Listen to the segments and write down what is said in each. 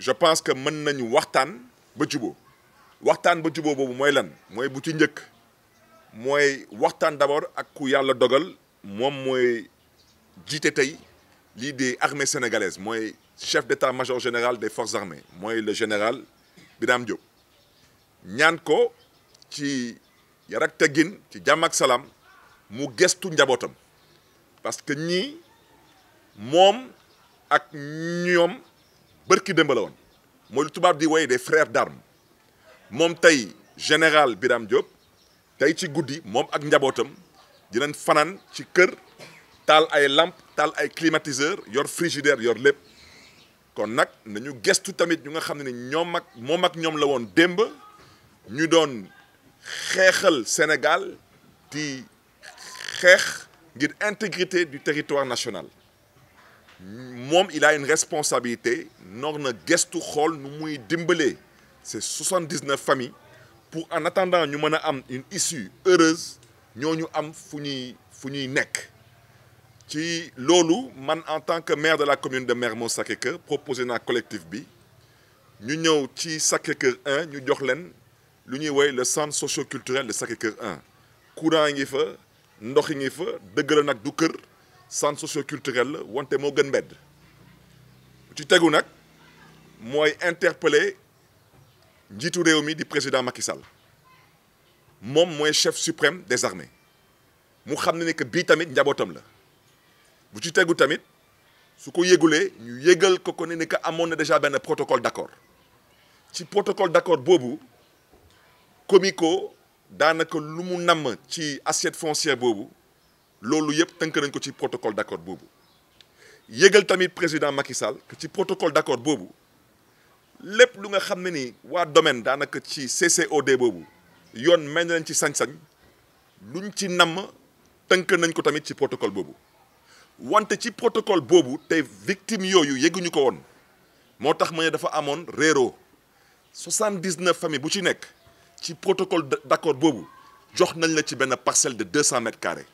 je pense que mën nañu waxtaan ba djubo waxtaan ba djubo bobu moy lan moy bu ci ñëk moy waxtaan d'abord ak ku yalla dogal mom moy jiite tay li des armées sénégalaises moy chef d'état-major général des forces armées moy le général Birame Diop ñaan ko ci yar ak ci jàmm salam mu gestu njabotam parce que ñi mom ak bërki démb la woon mooy lu tubaab di des frères d'armes moom tey général Biram Diop tey ci goudi, moom ak njabootam dinañ fanan ci kër tal ay lampe tal ay climatiseur yor frigidaire yor lépp kon nak, nañu guest tout ñu nga nous ne ni ñoom ak mon ak ñoom la woon démb ñu don, xeexal Sénégal di xeex ngir intégrité du territoire national Mom, il a une responsabilité noog na gestu xool nu muy dimbelé ces 79 familles pour en attendant nous avons am une issue heureuse nous am fu ñuy nek. ci man en tant que maire de la commune de mermont Sacré-Cœur proposé le collectif bi ñu avons ci sacré 1 nous jox leen le centre socio-culturel de sacré 1 courant ngi fa ndox ngi fa dëgg nak du centre socio-culturel wante moo gën mbedd ci nak moi interpeller njiitu réew di président Macky Sall moom chef suprême des armées Mou xamné ni que bi tamit njabotam la bu ci tegu tamit su ko ñu yégal ko ko ne ni que déjà ben protocole d'accord ci protocole d'accord bobu Comico danaka lu mu namm ci assiette foncière bobu lolu yépp tënk nañ ko ci protocole d'accord bobu. yégal tamit président Macky Sall que ci protocole d'accord bobu lepp lu nga xamné ne ni waa domaine danaka ci CCOD bobu yoon may na ci sañ-sañ luñ ci nam teunk nañ ko tamit ci protocole bobu wante ci protocole bobu te victime yoyu yeguñu ko won motax tax dafa amone réro 79 familles bu ci nek ci protocole d'accord bobu jox nañ la ci ben parcelle de 200 cent mètres carrés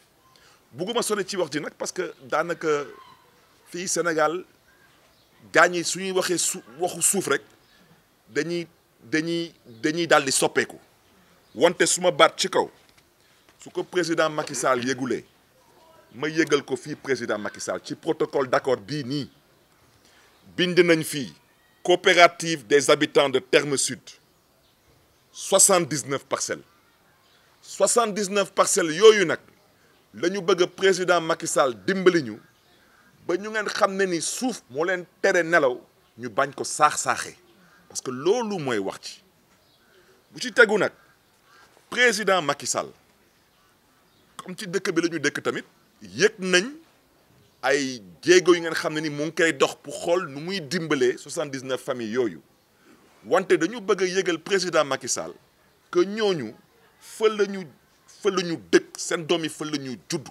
bugguma sone ci wax di nak parce que danaka fi Sénégal gagné suñuy waxé waxu suuf rek dañuy dañuy dañuy daldi di soppeeku wante suma baat ci kaw su ko président Macky Sall yëgulee ma yëgal ko fii président Macky Sall ci protocole d'accord bii nii bind nañ fii coopérative des habitants de Terme Sud 79 parcelles 79 parcelles yooyu nag la ñu bëgg président Macky Sall dimbali ba ñu ngeen xam ne ni suuf moo leen tere nelaw ñu bañ ko saax-saaxee parce que lolu moy wax ci bu ci tegu nak président Macky Sall comme ci dëkk bi lañu ñu dëkk tamit yek nañ ay djégo yi nga xamné ne ni mu ngi koy dox pour xol nu muy dimbalee 79 familles yoyu. wante dañu bëgg a yëgal président Macky Sall que ñooñu feul lañu feul lañu la ñu dëkk seen doom yi fël ñu judd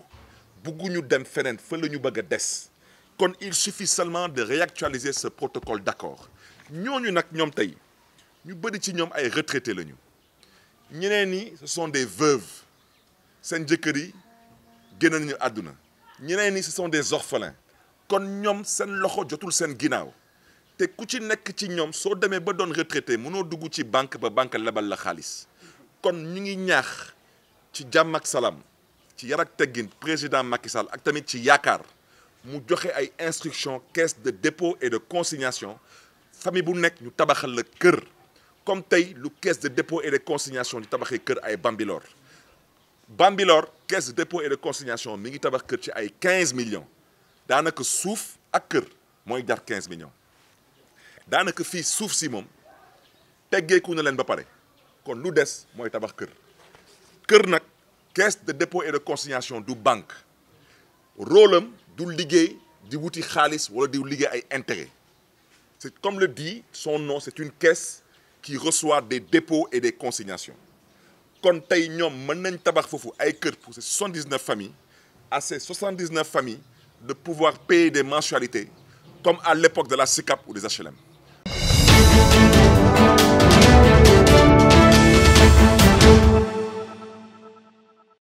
bugguñu dem fenen feul lañu bëgg dess des kon il suffit seulement de réactualiser ce protocole d'accord ñooñu nak ñom tay ñu bëri ci ñom ay retraité lañu ñeneen ni ce sont des veuves seen jëkkër yi génn nañu àdduna ñeneen ni ce sont des orphelins kon ñom seen loxo jotul seen ginnaaw te ku ci nekk ci ñom soo demee ba doon retraité mënoo dugg ci banque ba banque lebal la xaalis kon ñu ngi ñaax ci jàmm salam ci yar teggin président Macky Sall ak tamit ci yaakaar mu joxe ay instructions caisse de dépôt et de consignation famille bu nek ñu tabaxal la comme tay lu caisse de dépôt et de consignation du tabaxé cœur ay Bambilor Bambilor caisse de dépôt et de consignation mi ngi tabax cœur ci ay 15 millions danaka souf ak kër moy jar 15 millions danaka fi souf si moom ku na len ba paré kon lu dess moy tabax cœur. Cœur nak caisse de dépôt et de consignation du banque rôle du liggéey di wuti xaalis wala di liggéey ay intérêt comme le dit son nom, c'est une caisse qui reçoit des dépôts et des consignations. Quand nous avons nañ pour ces 79 familles à ces 79 familles de pouvoir payer des mensualités comme à l'époque de la SICAP ou des HLM